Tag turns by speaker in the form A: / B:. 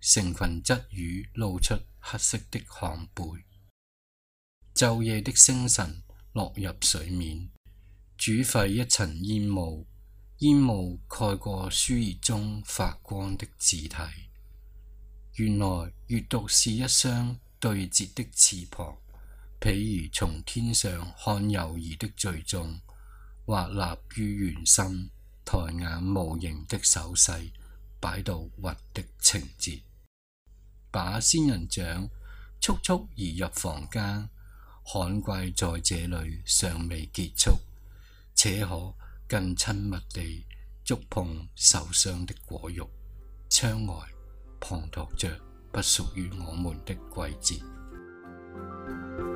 A: 成群鯽魚露出黑色的項背，晝夜的星辰落入水面，煮沸一層煙霧，煙霧蓋過書頁中發光的字體。原來閱讀是一雙對折的翅膀，譬如從天上看游移的最眾，或立於原心抬眼無形的手勢。擺到核的情節，把仙人掌速速移入房間，旱季在這裏尚未結束，且可更親密地觸碰受傷的果肉。窗外滂沱着不屬於我們的季節。